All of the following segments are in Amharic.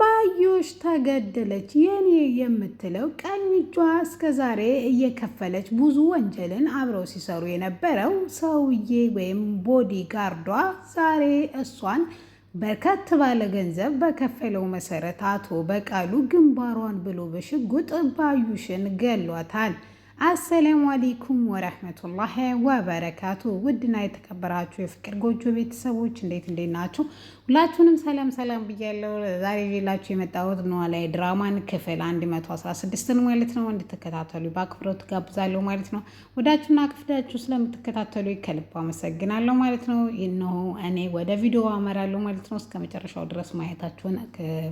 ባዩሽ ተገደለች የኔ የምትለው ቀኝ እጇ እስከ ዛሬ እየከፈለች ብዙ ወንጀልን አብረው ሲሰሩ የነበረው ሰውዬ ወይም ቦዲ ጋርዷ ዛሬ እሷን በርከት ባለ ገንዘብ በከፈለው መሰረት አቶ በቃሉ ግንባሯን ብሎ በሽጉጥ ባዩሽን ገሏታል። አሰላሙ አሌይኩም ወረህመቱላሂ ወበረካቱ። ውድና የተከበራችሁ የፍቅር ጎጆ ቤተሰቦች እንዴት እንዴት ናችሁ? ሁላችሁንም ሰላም ሰላም ብያለሁ። ዛሬ ሌላችሁ የመጣሁት ኖላዊ ድራማን ክፍል 116ን ማለት ነው እንድትከታተሉ በአክብሮት ጋብዛለሁ ማለት ነው። ወዳችሁና ክፍዳችሁ ስለምትከታተሉ ከልብ አመሰግናለሁ ማለት ነው። እነሆ እኔ ወደ ቪዲዮ አመራለሁ ማለት ነው። እስከ መጨረሻው ድረስ ማየታችሁን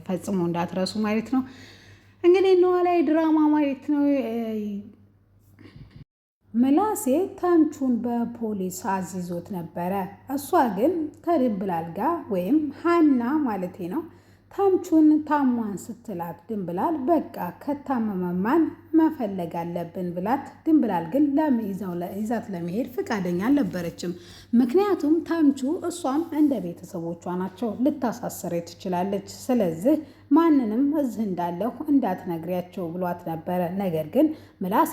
ፈጽሞ እንዳትረሱ ማለት ነው። እንግዲህ ኖላዊ ድራማ ማለት ነው ምላሴ ተምቹን በፖሊስ አዝይዞት ነበረ። እሷ ግን ከድንብላል አልጋ ወይም ሀና ማለቴ ነው ተምቹን ታሟን ስትላት ድንብላል በቃ ከታመመማን መፈለግ አለብን ብላት፣ ድንብላል ግን ይዛት ለመሄድ ፈቃደኛ አልነበረችም። ምክንያቱም ተምቹ እሷም እንደ ቤተሰቦቿ ናቸው፣ ልታሳስሬ ትችላለች። ስለዚህ ማንንም እዚህ እንዳለሁ እንዳትነግሪያቸው ብሏት ነበረ። ነገር ግን ምላሴ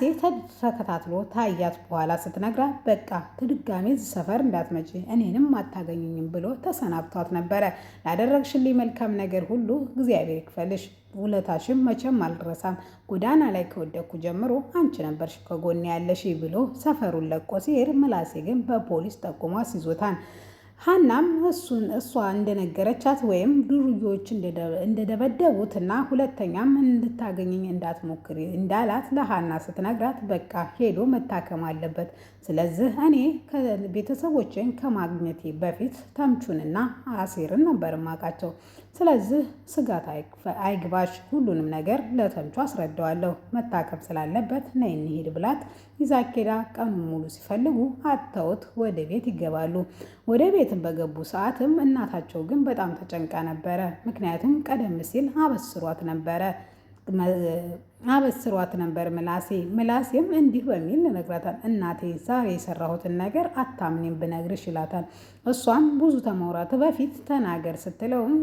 ተከታትሎ ታያት። በኋላ ስትነግራ በቃ ትድጋሜ እዚህ ሰፈር እንዳትመጪ እኔንም አታገኙኝም ብሎ ተሰናብቷት ነበረ። ላደረግሽልኝ መልካም ነገር ሁሉ እግዚአብሔር ይክፈልሽ። ውለታሽም መቼም አልረሳም። ጎዳና ላይ ከወደኩ ጀምሮ አንቺ ነበርሽ ከጎን ያለሽ ብሎ ሰፈሩን ለቆ ሲሄድ ምላሴ ግን በፖሊስ ጠቁሟ ሲዞታን ሀናም እሱን እሷ እንደነገረቻት ወይም ዱርዬዎች እንደደበደቡት እና ሁለተኛም እንድታገኘኝ እንዳትሞክር እንዳላት ለሀና ስትነግራት በቃ ሄዶ መታከም አለበት። ስለዚህ እኔ ቤተሰቦችን ከማግኘቴ በፊት ተምቹንና አሴርን ነበር ማቃቸው። ስለዚህ ስጋት አይግባሽ፣ ሁሉንም ነገር ለተምቹ አስረዳዋለሁ። መታከም ስላለበት ነይ እንሂድ ብላት ይዛኬዳ ቀኑ ሙሉ ሲፈልጉ አተውት ወደ ቤት ይገባሉ። ወደ ቤትም በገቡ ሰዓትም እናታቸው ግን በጣም ተጨንቃ ነበረ። ምክንያቱም ቀደም ሲል አበስሯት ነበረ አበስሯት ነበር ምላሴ። ምላሴም እንዲህ በሚል ነግራታል። እናቴ ዛሬ የሰራሁትን ነገር አታምኔም ብነግርሽ ይላታል። እሷም ብዙ ከማውራት በፊት ተናገር ስትለውም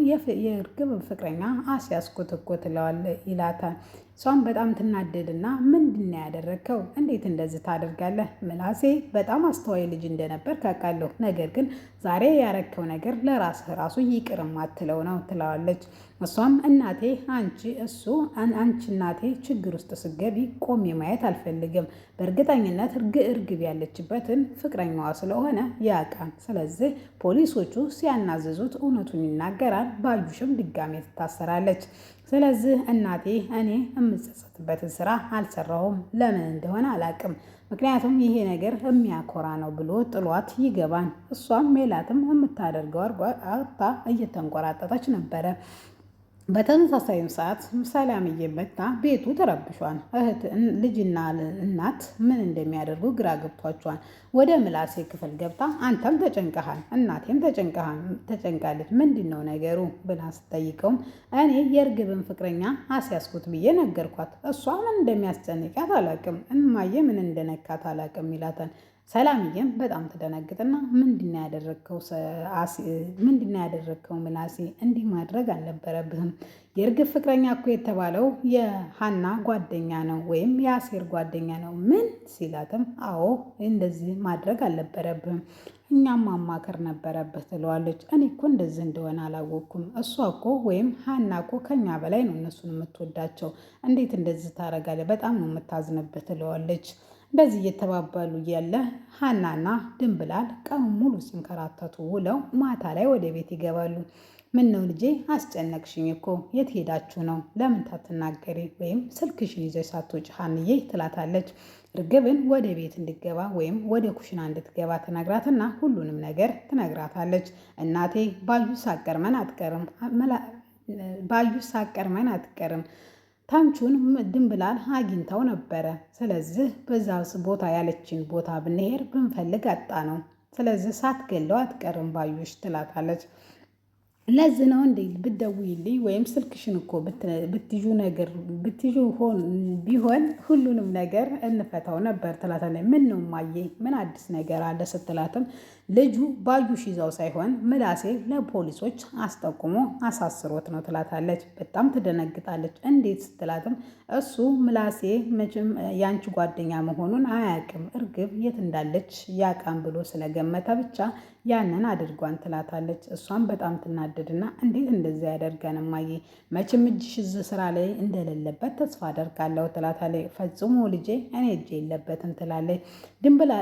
የእርግብ ፍቅረኛ አስያስኮትኮ ትለዋለ ይላታል። እሷም በጣም ትናደድና ምንድን ያደረግከው? እንዴት እንደዚህ ታደርጋለህ? ምላሴ በጣም አስተዋይ ልጅ እንደነበር ካውቃለሁ። ነገር ግን ዛሬ ያረከው ነገር ለራስህ ራሱ ይቅርም አትለው ነው ትለዋለች። እሷም እናቴ አንቺ እሱ አንቺ እናቴ ችግር ውስጥ ስገቢ ቆሜ ማየት አልፈልግም። በእርግጠኝነት እርግብ ያለችበትን ፍቅረኛዋ ስለሆነ ያውቃል። ስለዚህ ፖሊሶቹ ሲያናዝዙት እውነቱን ይናገራል። ባዩሽም ድጋሜ ትታሰራለች። ስለዚህ እናቴ እኔ የምጸጸትበትን ስራ አልሰራሁም። ለምን እንደሆነ አላውቅም። ምክንያቱም ይሄ ነገር የሚያኮራ ነው ብሎ ጥሏት ይገባን እሷም ሜላትም የምታደርገው አርባ አርታ እየተንቆራጠጠች ነበረ። በተመሳሳይም ሰዓት ሰላምዬ መታ ቤቱ ተረብሿል። እህት ልጅና እናት ምን እንደሚያደርጉ ግራ ገብቷቸዋል። ወደ ምላሴ ክፍል ገብታ አንተም ተጨንቀሃል፣ እናቴም ተጨንቃለች፣ ምንድን ነው ነገሩ ብላ ስጠይቀውም እኔ የእርግብን ፍቅረኛ አስያዝኩት ብዬ ነገርኳት፣ እሷ ምን እንደሚያስጨንቃት አላቅም፣ እማዬ ምን እንደነካት አላቅም ይላታል። ሰላምዬም በጣም ትደነግጥና ምንድና ያደረግከው? ያደረግከው? ምናሴ እንዲህ ማድረግ አልነበረብህም። የእርግብ ፍቅረኛ እኮ የተባለው የሀና ጓደኛ ነው ወይም የአሴር ጓደኛ ነው ምን ሲላትም፣ አዎ እንደዚህ ማድረግ አልነበረብህም፣ እኛም ማማከር ነበረብህ ትለዋለች። እኔ እኮ እንደዚህ እንደሆነ አላወቅኩም። እሷ እኮ ወይም ሀና እኮ ከኛ በላይ ነው እነሱን የምትወዳቸው። እንዴት እንደዚህ ታደርጋለህ? በጣም ነው የምታዝንብህ ትለዋለች። በዚህ እየተባባሉ እያለ ሀናና ድንብላል ቀኑ ሙሉ ሲንከራተቱ ውለው ማታ ላይ ወደ ቤት ይገባሉ። ምን ነው ልጄ አስጨነቅሽኝ እኮ የት ሄዳችሁ ነው? ለምን ታትናገሪ ወይም ስልክሽን ይዘሽ ሳትወጪ ሀንዬ ትላታለች። እርግብን ወደ ቤት እንድገባ ወይም ወደ ኩሽና እንድትገባ ትነግራትና ሁሉንም ነገር ትነግራታለች። እናቴ ባዩ ሳቀርመን አትቀርም ባዩ ሳቀርመን አትቀርም ታምቹን ድንብላል አግኝታው ነበረ። ስለዚህ በዛ ቦታ ያለችን ቦታ ብንሄድ ብንፈልግ አጣ ነው። ስለዚህ ሳትገለው አትቀርም ባዩሽ ትላታለች። ለዚህ ነው እንዴ ብትደውይልኝ ወይም ስልክሽን እኮ ብትዩ ነገር ብትዩ ቢሆን ሁሉንም ነገር እንፈታው ነበር ትላታለች። ምን ነው ማየ ምን አዲስ ነገር አለ ስትላትም ልጁ ባዩሽ ይዛው ሳይሆን ምላሴ ለፖሊሶች አስጠቁሞ አሳስሮት ነው ትላታለች። በጣም ትደነግጣለች። እንዴት ስትላትም እሱ ምላሴ መቼም የአንቺ ጓደኛ መሆኑን አያውቅም እርግብ የት እንዳለች ያውቃም ብሎ ስለገመተ ብቻ ያንን አድርጓን ትላታለች። እሷም በጣም ትናደድና እንዴት እንደዚያ ያደርገን እማዬ፣ መቼም እጅሽ እዚህ ስራ ላይ እንደሌለበት ተስፋ አደርጋለሁ ትላታለች። ፈጽሞ ልጄ እኔ እጅ የለበትም ትላለች። ድንብላ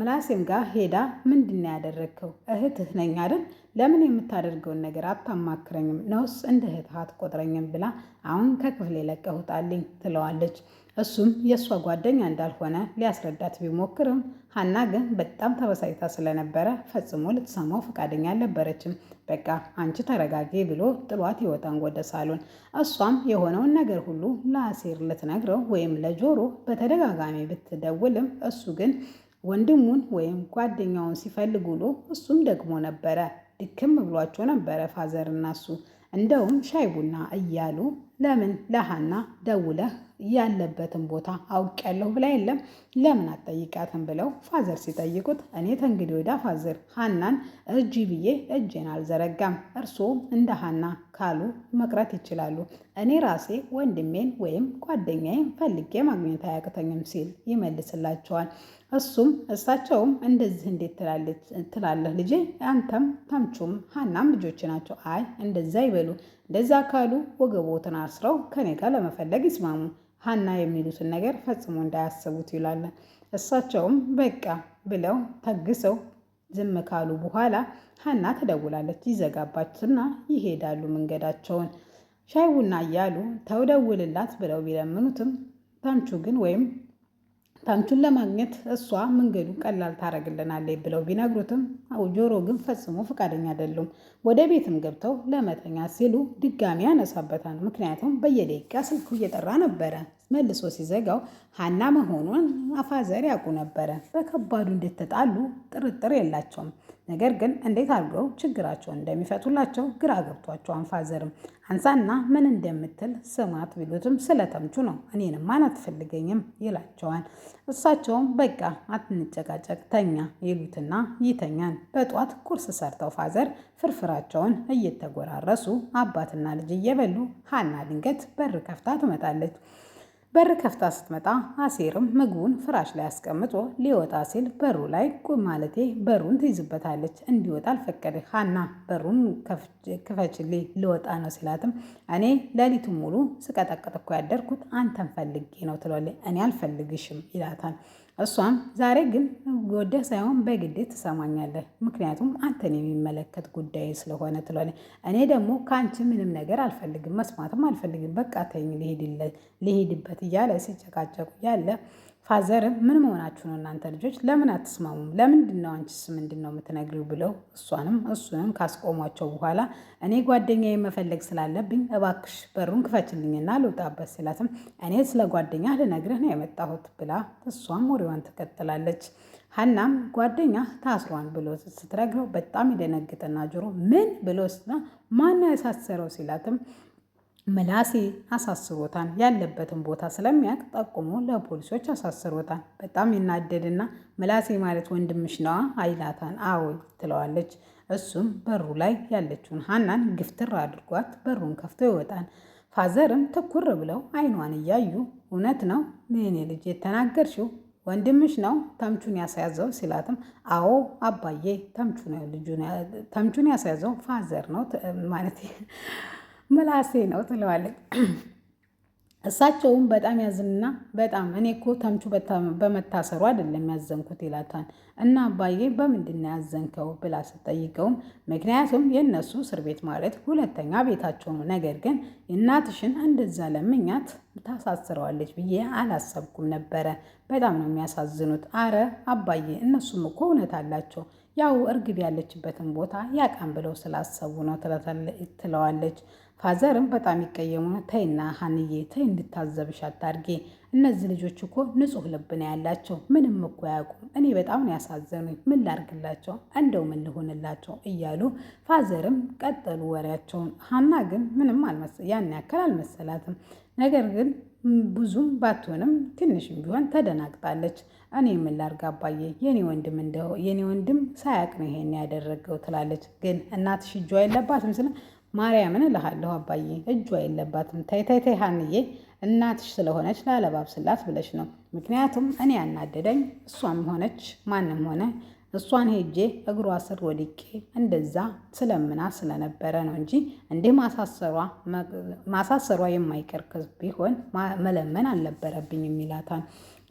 ምላሴም ጋር ሄዳ ምንድን ያደረግከው እህትህ ነኝ አይደል ለምን የምታደርገውን ነገር አታማክረኝም? ነውስ እንደ እህትህ አትቆጥረኝም? ብላ አሁን ከክፍል የለቀሁጣልኝ ትለዋለች። እሱም የእሷ ጓደኛ እንዳልሆነ ሊያስረዳት ቢሞክርም ሀና ግን በጣም ተበሳጭታ ስለነበረ ፈጽሞ ልትሰማው ፈቃደኛ አልነበረችም። በቃ አንቺ ተረጋጊ ብሎ ጥሏት ይወጣን ወደ ሳሎን። እሷም የሆነውን ነገር ሁሉ ለአሴር ልትነግረው ወይም ለጆሮ በተደጋጋሚ ብትደውልም እሱ ግን ወንድሙን ወይም ጓደኛውን ሲፈልግ ውሎ እሱም ደግሞ ነበረ ድክም ብሏቸው ነበረ ፋዘር እናሱ። እንደውም ሻይ ቡና እያሉ ለምን ለሀና ደውለህ ያለበትን ቦታ አውቄያለሁ ብላ የለም ለምን አትጠይቃትም ብለው ፋዘር ሲጠይቁት እኔ ተንግዲህ ወዳ ፋዘር ሃናን እጅ ብዬ እጄን አልዘረጋም፣ እርስዎ እንደ ሀና ካሉ መቅረት ይችላሉ፣ እኔ ራሴ ወንድሜን ወይም ጓደኛዬን ፈልጌ ማግኘት አያቅተኝም ሲል ይመልስላቸዋል። እሱም እሳቸውም እንደዚህ እንዴት ትላለህ ልጄ? አንተም ተምቹም ሀናም ልጆች ናቸው። አይ እንደዛ ይበሉ። እንደዛ ካሉ ወገቦትን አስረው ከኔ ጋር ለመፈለግ ይስማሙ። ሀና የሚሉትን ነገር ፈጽሞ እንዳያስቡት ይላል። እሳቸውም በቃ ብለው ተግሰው ዝም ካሉ በኋላ ሀና ትደውላለች። ይዘጋባትና ይሄዳሉ መንገዳቸውን። ሻይ ቡና እያሉ ተውደውልላት ብለው ቢለምኑትም ተምቹ ግን ወይም ታንቹን ለማግኘት እሷ መንገዱ ቀላል ታደርግልናለች ብለው ቢነግሩትም ጆሮ ግን ፈጽሞ ፈቃደኛ አይደሉም። ወደ ቤትም ገብተው ለመተኛ ሲሉ ድጋሚ ያነሳበታል። ምክንያቱም በየደቂቃ ስልኩ እየጠራ ነበረ። መልሶ ሲዘጋው ሀና መሆኗን አፋዘር ያውቁ ነበረ። በከባዱ እንደተጣሉ ጥርጥር የላቸውም። ነገር ግን እንዴት አድርገው ችግራቸውን እንደሚፈቱላቸው ግራ ገብቷቸው አንፋዘርም አንሳና ምን እንደምትል ስማት ቢሉትም ስለተምቹ ነው እኔንም አትፈልገኝም ይላቸዋል። እሳቸውም በቃ አትንጨቃጨቅ ተኛ ይሉትና ይተኛል። በጧት ቁርስ ሰርተው ፋዘር ፍርፍራቸውን እየተጎራረሱ አባትና ልጅ እየበሉ ሀና ድንገት በር ከፍታ ትመጣለች። በር ከፍታ ስትመጣ አሴርም ምግቡን ፍራሽ ላይ አስቀምጦ ሊወጣ ሲል በሩ ላይ ማለቴ በሩን ትይዝበታለች። እንዲወጣ አልፈቀደ። ሀና በሩን ክፈችልኝ ልወጣ ነው ሲላትም እኔ ሌሊቱ ሙሉ ስቀጠቅጥ እኮ ያደርኩት አንተን ፈልጌ ነው ትለዋለች። እኔ አልፈልግሽም ይላታል። እሷም ዛሬ ግን ወደህ ሳይሆን በግዴ ትሰማኛለህ፣ ምክንያቱም አንተን የሚመለከት ጉዳይ ስለሆነ ትለዋለች። እኔ ደግሞ ከአንቺ ምንም ነገር አልፈልግም፣ መስማትም አልፈልግም፣ በቃ ተይኝ ልሄድበት እያለ ሲጨቃጨቁ ያለ ፋዘርም ምን መሆናችሁ ነው እናንተ ልጆች ለምን አትስማሙም? ለምንድን ነው አንቺስ ምንድን ነው የምትነግሪው? ብለው እሷንም እሱንም ካስቆሟቸው በኋላ እኔ ጓደኛ መፈለግ ስላለብኝ እባክሽ በሩን ክፈችልኝና ልውጣበት ሲላትም እኔ ስለ ጓደኛ ልነግርህ ነው የመጣሁት ብላ እሷም ወሬዋን ትቀጥላለች። ሀናም ጓደኛ ታስሯን ብሎ ስትረግረው በጣም ይደነግጥና ጆሮ ምን ብሎ ስና ማን ያሳሰረው ሲላትም ምላሴ አሳስሮታል። ያለበትን ቦታ ስለሚያውቅ ጠቁሞ ለፖሊሶች አሳስሮታል። በጣም ይናደድና ምላሴ ማለት ወንድምሽ ነዋ አይላታል። አዎ ትለዋለች። እሱም በሩ ላይ ያለችውን ሀናን ግፍትር አድርጓት በሩን ከፍቶ ይወጣል። ፋዘርም ትኩር ብለው አይኗን እያዩ እውነት ነው የኔ ልጅ የተናገርሽው ወንድምሽ ነው ተምቹን ያስያዘው ሲላትም፣ አዎ አባዬ ተምቹን ያስያዘው ፋዘር ነው ማለት ምላሴ ነው ትለዋለች። እሳቸውም በጣም ያዝንና በጣም እኔ እኮ ተምቹ በመታሰሩ አይደለም ያዘንኩት ይላታል። እና አባዬ በምንድን ነው ያዘንከው ብላ ስትጠይቀውም ምክንያቱም የእነሱ እስር ቤት ማለት ሁለተኛ ቤታቸው ነው፣ ነገር ግን እናትሽን እንደዛ ለምኛት ታሳስረዋለች ብዬ አላሰብኩም ነበረ። በጣም ነው የሚያሳዝኑት። አረ አባዬ እነሱም እኮ እውነት አላቸው ያው እርግብ ያለችበትን ቦታ ያቃም ብለው ስላሰቡ ነው ትለዋለች። ፋዘርም በጣም ይቀየሙ። ተይና ሀንዬ ተይ እንድታዘብሽ አታርጌ እነዚህ ልጆች እኮ ንጹህ ልብ ነው ያላቸው፣ ምንም እኮ አያውቁም። እኔ በጣም ያሳዘኑ ያሳዘኑኝ። ምን ላርግላቸው? እንደው ምን ልሆንላቸው? እያሉ ፋዘርም ቀጠሉ ወሬያቸውን። ሀና ግን ምንም ያን ያክል አልመሰላትም። ነገር ግን ብዙም ባትሆንም ትንሽም ቢሆን ተደናግጣለች። እኔ ምን ላርግ አባዬ፣ የኔ ወንድም እንደው የኔ ወንድም ሳያቅ ነው ይሄን ያደረገው ትላለች። ግን እናትሽ እጇ የለባትም ስለ ማርያምን እልሃለሁ አባዬ እጇ የለባትም። ተይተይተይ ሀንዬ እናትሽ ስለሆነች ላለባብስላት ብለሽ ነው። ምክንያቱም እኔ ያናደደኝ እሷም ሆነች ማንም ሆነ እሷን ሄጄ እግሯ ስር ወድቄ እንደዛ ስለምና ስለነበረ ነው እንጂ እንዲህ ማሳሰሯ የማይቀር ቢሆን መለመን አልነበረብኝም ይላታል።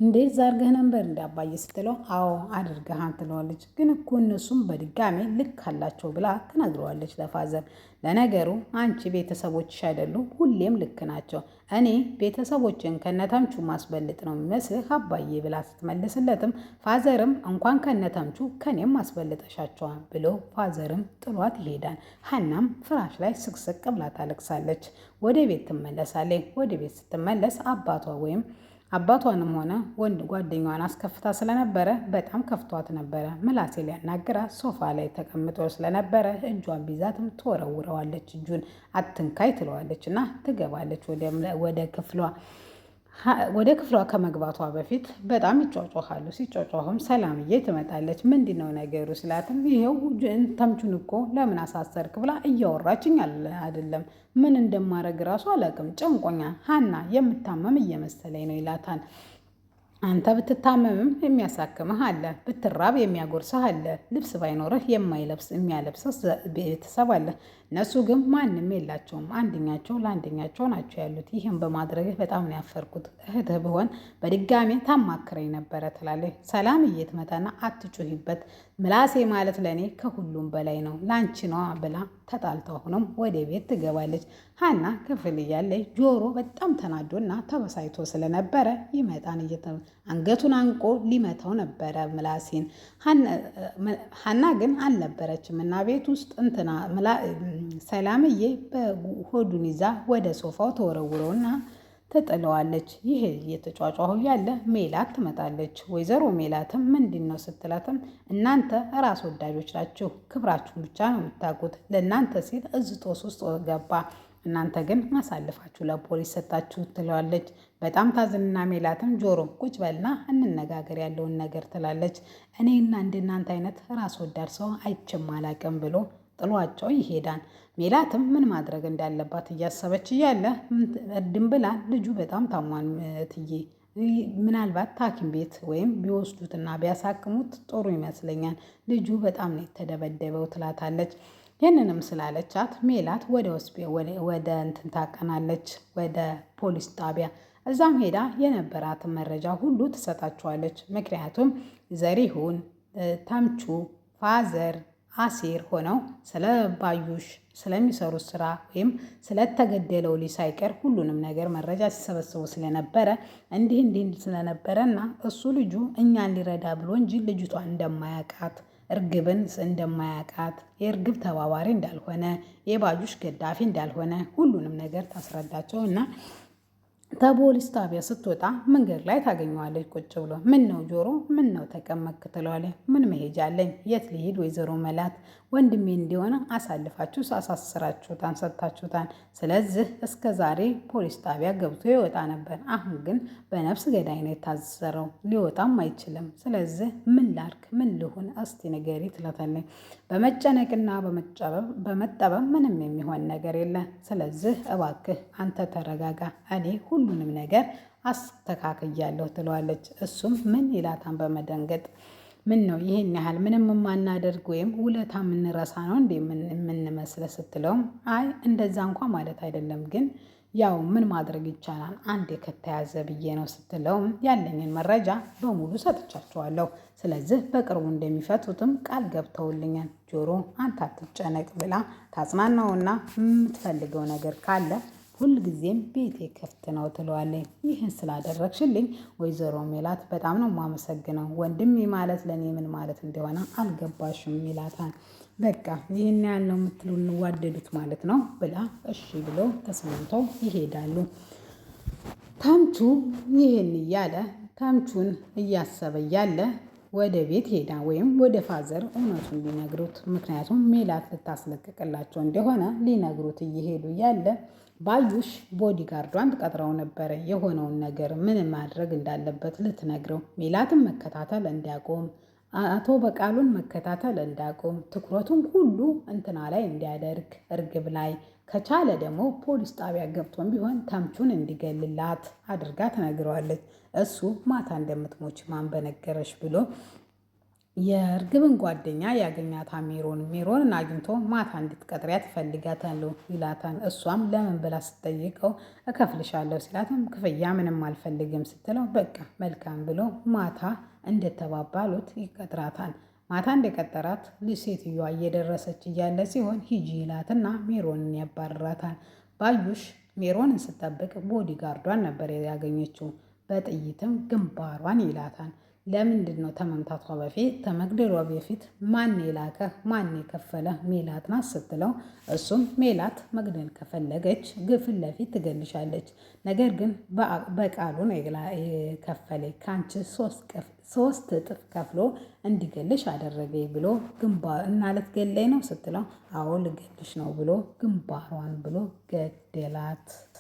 እንዴት ዛርገህ ነበር እንደ አባዬ ስትለው አዎ አድርገሃን ትለዋለች። ግን እኮ እነሱም በድጋሜ ልክ አላቸው ብላ ትነግረዋለች ለፋዘር። ለነገሩ አንቺ ቤተሰቦችሽ አይደሉ ሁሌም ልክ ናቸው፣ እኔ ቤተሰቦችን ከነተምቹ ማስበልጥ ነው የሚመስልህ አባዬ ብላ ስትመልስለትም ፋዘርም እንኳን ከነተምቹ ከኔም ማስበልጠሻቸዋል ብሎ ፋዘርም ጥሏት ይሄዳል። ሀናም ፍራሽ ላይ ስቅስቅ ብላ ታለቅሳለች። ወደ ቤት ትመለሳለች። ወደ ቤት ስትመለስ አባቷ ወይም አባቷንም ሆነ ወንድ ጓደኛዋን አስከፍታ ስለነበረ በጣም ከፍቷት ነበረ። ምላሴ ሊያናግራት ሶፋ ላይ ተቀምጦ ስለነበረ እጇን ቢዛትም ትወረውረዋለች። እጁን አትንካይ ትለዋለች እና ትገባለች ወደ ክፍሏ። ወደ ክፍሏ ከመግባቷ በፊት በጣም ይጫጫኋሉ። ሲጫጫሁም ሰላምዬ ትመጣለች። ምንድን ነው ነገሩ ስላትም ይኸው ተምቹን እኮ ለምን አሳሰርክ ብላ እያወራችኝ አይደለም። ምን እንደማደርግ ራሱ አላውቅም፣ ጨንቆኛ ሀና የምታመም እየመሰለኝ ነው ይላታል። አንተ ብትታመምም የሚያሳክምህ አለ፣ ብትራብ የሚያጎርስህ አለ፣ ልብስ ባይኖርህ የማይለብስ የሚያለብስህ ቤተሰብ አለ እነሱ ግን ማንም የላቸውም። አንደኛቸው ለአንደኛቸው ናቸው ያሉት። ይህም በማድረግ በጣም ነው ያፈርኩት። እህትህ ብሆን በድጋሜ ታማክረኝ ነበረ ትላለች ሰላም እየትመታና አትጩሂበት፣ ምላሴ ማለት ለእኔ ከሁሉም በላይ ነው ላንቺ ነዋ ብላ ተጣልተው ሆኖም ወደ ቤት ትገባለች። ሀና ክፍል እያለች ጆሮ በጣም ተናዶና ተበሳይቶ ስለነበረ ይመጣን እየተ አንገቱን አንቆ ሊመታው ነበረ ምላሴን። ሀና ግን አልነበረችም እና ቤት ውስጥ እንትና ሰላምዬ በሆዱን ይዛ ወደ ሶፋው ተወረውረውና ትጥለዋለች። ይህ እየተጫጫሁ ያለ ሜላት ትመጣለች። ወይዘሮ ሜላትም ምንድን ነው ስትላትም እናንተ ራስ ወዳጆች ናችሁ፣ ክብራችሁን ብቻ ነው የምታውቁት። ለእናንተ ሲል እዝጦ ውስጥ ገባ፣ እናንተ ግን ማሳልፋችሁ ለፖሊስ ሰጣችሁ ትለዋለች። በጣም ታዝንና ሜላትም ጆሮ ቁጭ በልና እንነጋገር ያለውን ነገር ትላለች። እኔና እንደናንተ አይነት ራስ ወዳድ ሰው አይቼም አላቅም ብሎ ጥሏቸው ይሄዳል። ሜላትም ምን ማድረግ እንዳለባት እያሰበች እያለ ብላ ልጁ በጣም ታሟን ትዬ ምናልባት ሐኪም ቤት ወይም ቢወስዱትና ቢያሳክሙት ጥሩ ይመስለኛል፣ ልጁ በጣም ነው የተደበደበው ትላታለች። ይህንንም ስላለቻት ሜላት ወደ ወደ እንትን ታቀናለች ወደ ፖሊስ ጣቢያ እዛም ሄዳ የነበራትን መረጃ ሁሉ ትሰጣችኋለች። ምክንያቱም ዘሪሁን፣ ተምቹ፣ ፋዘር አሴር ሆነው ስለ ባዩሽ ስለሚሰሩት ስራ ወይም ስለተገደለው ልጅ ሳይቀር ሁሉንም ነገር መረጃ ሲሰበስቡ ስለነበረ እንዲህ እንዲህ ስለነበረ እና እሱ ልጁ እኛን ሊረዳ ብሎ እንጂ ልጅቷ እንደማያቃት እርግብን እንደማያቃት የእርግብ ተባባሪ እንዳልሆነ የባዩሽ ገዳፊ እንዳልሆነ ሁሉንም ነገር ታስረዳቸው እና ተፖሊስ ጣቢያ ስትወጣ መንገድ ላይ ታገኘዋለች። ቁጭ ብሎ ምን ነው ጆሮ፣ ምን ነው ተቀመጥክ? ትለዋለች። ምን መሄጃ አለኝ? የት ልሂድ? ወይዘሮ መላት ወንድሜ እንዲሆነ አሳልፋችሁ አሳስራችሁታን፣ ሰጥታችሁታን። ስለዚህ እስከ ዛሬ ፖሊስ ጣቢያ ገብቶ ይወጣ ነበር። አሁን ግን በነፍስ ገዳይ ነው የታሰረው፣ ሊወጣም አይችልም። ስለዚህ ምን ላርክ? ምን ልሁን? እስቲ ንገሪ ትለታለች። በመጨነቅና በመጠበብ ምንም የሚሆን ነገር የለ። ስለዚህ እባክህ አንተ ተረጋጋ። እኔ ሁሉ ሁሉንም ነገር አስተካክያለሁ ትለዋለች። እሱም ምን ይላታን በመደንገጥ ምን ነው ይህን ያህል ምንም የማናደርግ ወይም ውለታ የምንረሳ ነው እንዴ የምንመስለ ስትለውም አይ እንደዛ እንኳ ማለት አይደለም፣ ግን ያው ምን ማድረግ ይቻላል አንዴ ከተያዘ ብዬ ነው ስትለውም ያለኝን መረጃ በሙሉ ሰጥቻቸዋለሁ፣ ስለዚህ በቅርቡ እንደሚፈቱትም ቃል ገብተውልኛል። ጆሮ አንተ አትጨነቅ ብላ ታጽናናውና የምትፈልገው ነገር ካለ ሁልጊዜም ቤቴ ክፍት ነው ትለዋለች። ይህን ስላደረግሽልኝ ወይዘሮ ሜላት በጣም ነው የማመሰግነው። ወንድሜ ማለት ለእኔ ምን ማለት እንደሆነ አልገባሽም ይላታል። በቃ ይህን ያህል ነው የምትሉ እንዋደዱት ማለት ነው ብላ እሺ ብለው ተስማምተው ይሄዳሉ። ተምቹ ይህን እያለ ተምቹን እያሰበ እያለ ወደ ቤት ሄዳ ወይም ወደ ፋዘር እውነቱን ሊነግሩት ምክንያቱም ሜላት ልታስለቅቅላቸው እንደሆነ ሊነግሩት እየሄዱ እያለ ባዩሽ ቦዲጋርዷን ትቀጥረው ነበረ። የሆነውን ነገር ምን ማድረግ እንዳለበት ልትነግረው፣ ሜላትን መከታተል እንዲያቆም፣ አቶ በቃሉን መከታተል እንዳቆም፣ ትኩረቱን ሁሉ እንትና ላይ እንዲያደርግ፣ እርግብ ላይ ከቻለ ደግሞ ፖሊስ ጣቢያ ገብቶን ቢሆን ተምቹን እንዲገልላት አድርጋ ትነግረዋለች። እሱ ማታ እንደምትሞች ማን በነገረሽ ብሎ የእርግብን ጓደኛ ያገኛታ ሜሮን ሜሮንን አግኝቶ ማታ እንድትቀጥሪያ እፈልጋታለሁ ይላታል። እሷም ለምን ብላ ስጠይቀው እከፍልሻለሁ ሲላትም ክፍያ ምንም አልፈልግም ስትለው በቃ መልካም ብሎ ማታ እንደተባባሉት ይቀጥራታል። ማታ እንደቀጠራት ሴትዮዋ እየደረሰች እያለ ሲሆን ሂጂ ይላትና ሜሮንን ያባርራታል። ባዩሽ ሜሮንን ስጠብቅ ቦዲጋርዷን ነበር ያገኘችው። በጥይትም ግንባሯን ይላታል። ለምንድን ነው ተመምታቷ በፊት ተመግደሏ በፊት ማን የላከህ ማን የከፈለህ ሜላት ናት ስትለው፣ እሱም ሜላት መግደል ከፈለገች ግፍን ለፊት ትገልሻለች፣ ነገር ግን በቃሉ ነው የከፈለ ከአንቺ ሶስት እጥፍ ከፍሎ እንዲገልሽ አደረገ ብሎ ግንባር እና ልትገለኝ ነው ስትለው፣ አዎ ልገልሽ ነው ብሎ ግንባሯን ብሎ ገደላት።